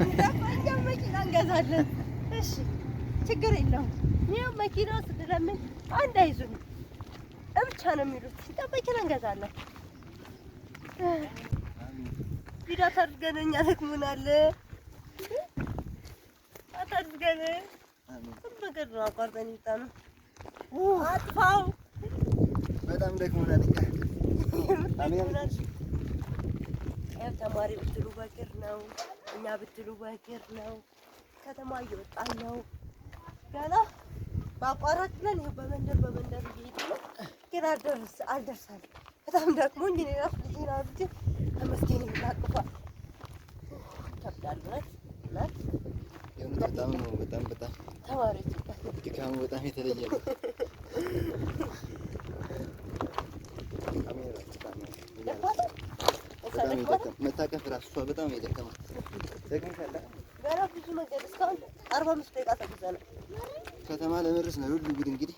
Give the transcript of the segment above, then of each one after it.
መኪና እንገዛለን። እሺ ችግር የለውም። ይኸው መኪናው ስትለምን አንድ አይዙን ብቻ ነው የሚሉት። ያው መኪና እንገዛለን። ጉዳት አድርገን እኛ ተክሙናል። አታድርገን። በገር ነው አቋርጠን ይጣኑ አጥፋው። በጣም ደግሞናል። ተባባሪ ብትሉ በቅር ነው። እኛ ብትሉ በቅር ነው። ከተማ እየወጣን ነው። ገና ማቋረጥ ብለን ይኸው በመንደር በመንደር እየሄዱ ነው። ግን አልደርስ አልደርሳል። በጣም ደግሞ እኔ እራሱ ልጄን አብጄ ተመስገን ይላቅፏል ይከብዳል። እውነት እውነት በጣም ነው በጣም በጣም ተማሪዎች ድካሙ በጣም የተለየ ነው። እሷ በጣም የደከማት ብዙ መንገድ እስካሁን አርባ አምስት ደቂቃ ተጉዘናል። ከተማ ለመድረስ ነው ሁሉ ጉድ እንግዲህ።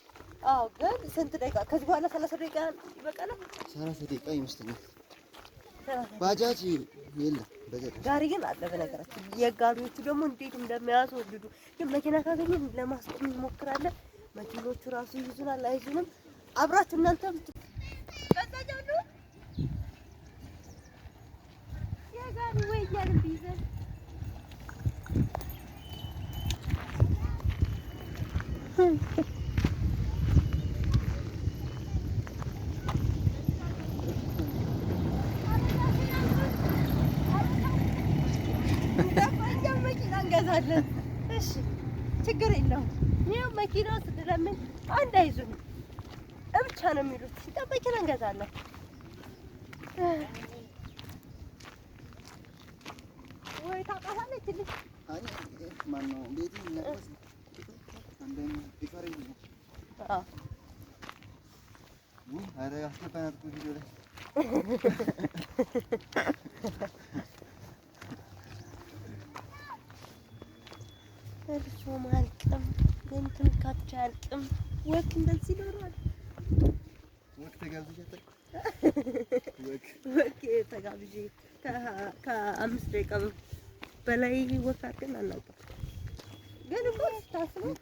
አዎ፣ ግን ስንት ደቂቃ ከዚህ በኋላ ሰላሳ ደቂቃ ይበቃናል። ሰላሳ ደቂቃ ይመስለኛል። ባጃጅ የለም፣ ጋሪ ግን አለ። በነገራችን የጋሪዎቹ ደግሞ እንዴት እንደሚያስወድዱ ግን መኪና ካገኘን ለማስቆም እንሞክራለን። መኪኖቹ ራሱ ይዙናል አይዙንም። አብራችሁ እናንተ abi beklerim bizi. ገዛለን። እሺ ችግር የለውም። ይኸው መኪና ስድረምን አንድ አይዙንም እብቻ ነው የሚሉት። መኪና እንገዛለን። Ito. Ay, manong, baby, na And then, ifarin mo. Oo. Bu, hayra yaşlı ben artık bir böyle. እርሶም አልቅም ለምትምካች አልቅም ወክ እንደዚህ ይኖራል። ወክ ተጋብዤ ወክ ተጋብዤ ከአምስት በላይ ወፍ አድርገን አናውቅም። ግን እኮ ታስበው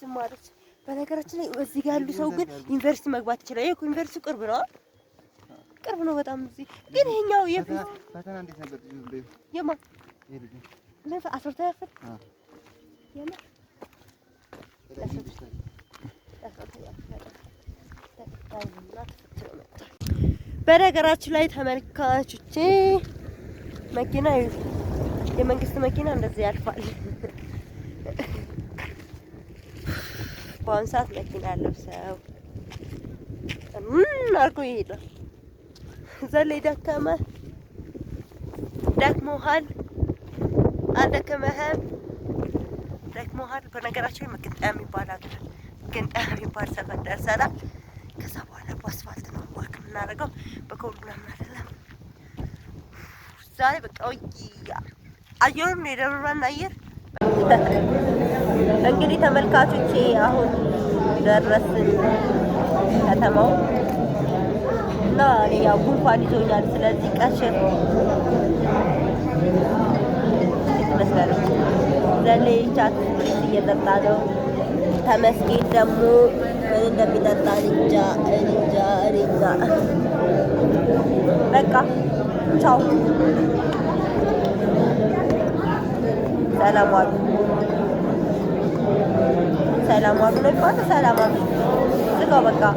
ዝም አለች። በነገራችን ላይ እዚህ ጋር ያሉ ሰው ግን ዩኒቨርሲቲ መግባት ይችላል። ይሄ እኮ ዩኒቨርሲቲው ቅርብ ነው፣ ቅርብ ነው በጣም እዚህ። ግን ይሄኛው የፊት ፈተና እንዴት ነበር? የማን በነገራችን ላይ ተመልካቾቼ መኪና የመንግስት መኪና እንደዚህ ያልፋል። በአሁኑ ሰዓት መኪና ያለው ሰው ምን አድርጎ ይሄዳል? ዘለ ደከመ ደክሞሃል፣ አልደከመህም? ደክሞሃል። በነገራችን ላይ ግንጣ የሚባል ሀገር ግንጣ የሚባል ሰፈር ደርሰናል። ከዛ በኋላ በአስፋልት ነው ወርክ የምናደርገው በኮብላም አይደለም። ዛሬ በቃ አየሩም የደብረ ብርሃን አየር እንግዲህ ተመልካቾቼ አሁን ደረስን ከተማው እና ያ ጉንፋን ይዞኛል። ስለዚህ ቀሽር ትመስላለች ዘሌ ቻት እየጠጣ ነው። ተመስጌን ደግሞ sudah kita tarik jari jari tak. Mereka, ciao. Salam warna. Salam warna. Lepas salam warna. Cukup, Mereka.